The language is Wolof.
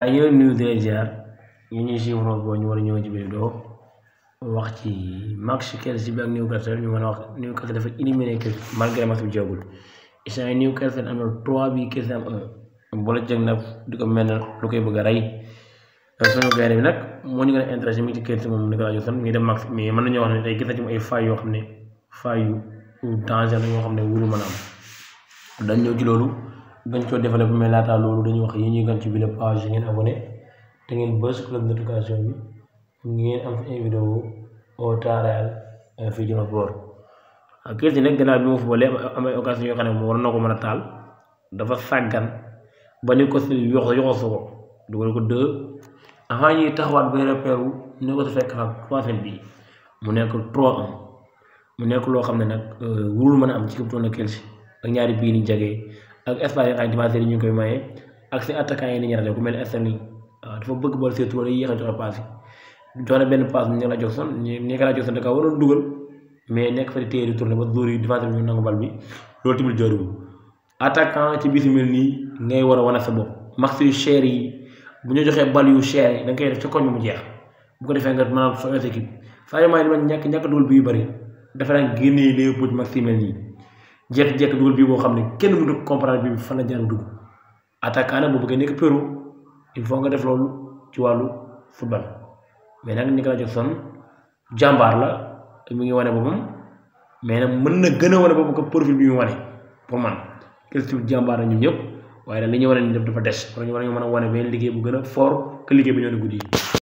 waaye ñoo nuyu di ñu ñuy suivre France boo ñu war a ñëw ci biir doo wax ci match Chelsea bi ak Newcastle ñu mën a wax Newcastle dafa éliminé Chelsea malgré match bi jeexagul instant yii Newcastle am na 3 bi Chelsea am 1 boole jëg nag di ko mel ne lu koy bëgg a rey euh, sunu gaynde bi nag moo ni gën a intéressé mi ngi ci Chelsea moom Nicolas Jackson mi ngi dem match mais mën nañoo wax ne tey gis na ci ay failles yoo xam ne failles yu danger la ñoo xam ne wuru mën a am dañ ñëw ci loolu. bañ koo développé mais laataa loolu dañuy wax yi ñuy gan ci bile page yi ngeen abonné te ngeen bës cloche notification bi ngeen am ay vidéo au taaral euh, fii Jom Sport ak Chelsea nag bi mu am ay yoo xam ne war na ko mën a taal dafa sàggan ba ko si yoxo yoxosu ko dugal ko deux taxawaat ba repéru ni bi mu nekk 3-1 mu nekk loo xam ne nag euh, wurul mën a am ci képp a na Chelsea ak ñaari bii ni jege ak espace yi nga xam yi ñu ngi koy maye ak seen attaquant yi ni ñu ràññee ku mel ne Sterling waaw dafa yi jox na benn passe Nicolas Jackson Nicolas Jackson da kaa mais nekk fa di téye yi défenseurs yi ñu nangu bal bi loolu tamit joojuwul attaquant ci bisu mel nii ngay war a wane sa bopp max yu cher yi bu ñu joxee bal yu cher yi da nga koy def ci koñ mu jeex bu ko defee nga maanaam soo équipe Sadio Mané man ñàkk ñàkk dugal bi yu bëri dafa daan génnee Léopold max si mel nii jékki-jékki dugal bii boo xam ne kenn mënut comprendre bii fan la jaar dugg attaquant nag bu bëggee nekk Pérou il faut nga def loolu ci wàllu football mais nag Nicolas Jackson jàmbaar la mu ngi wane boppam mais nag mën na gën a wane boppam ko profil bi mu wane pour man question jàmbaar la ñun waaye nag ñu wane ni def dafa des wala ñu war a mën a wane benn liggéey bu gën a fort que liggéey bi ñoo ne guddi yi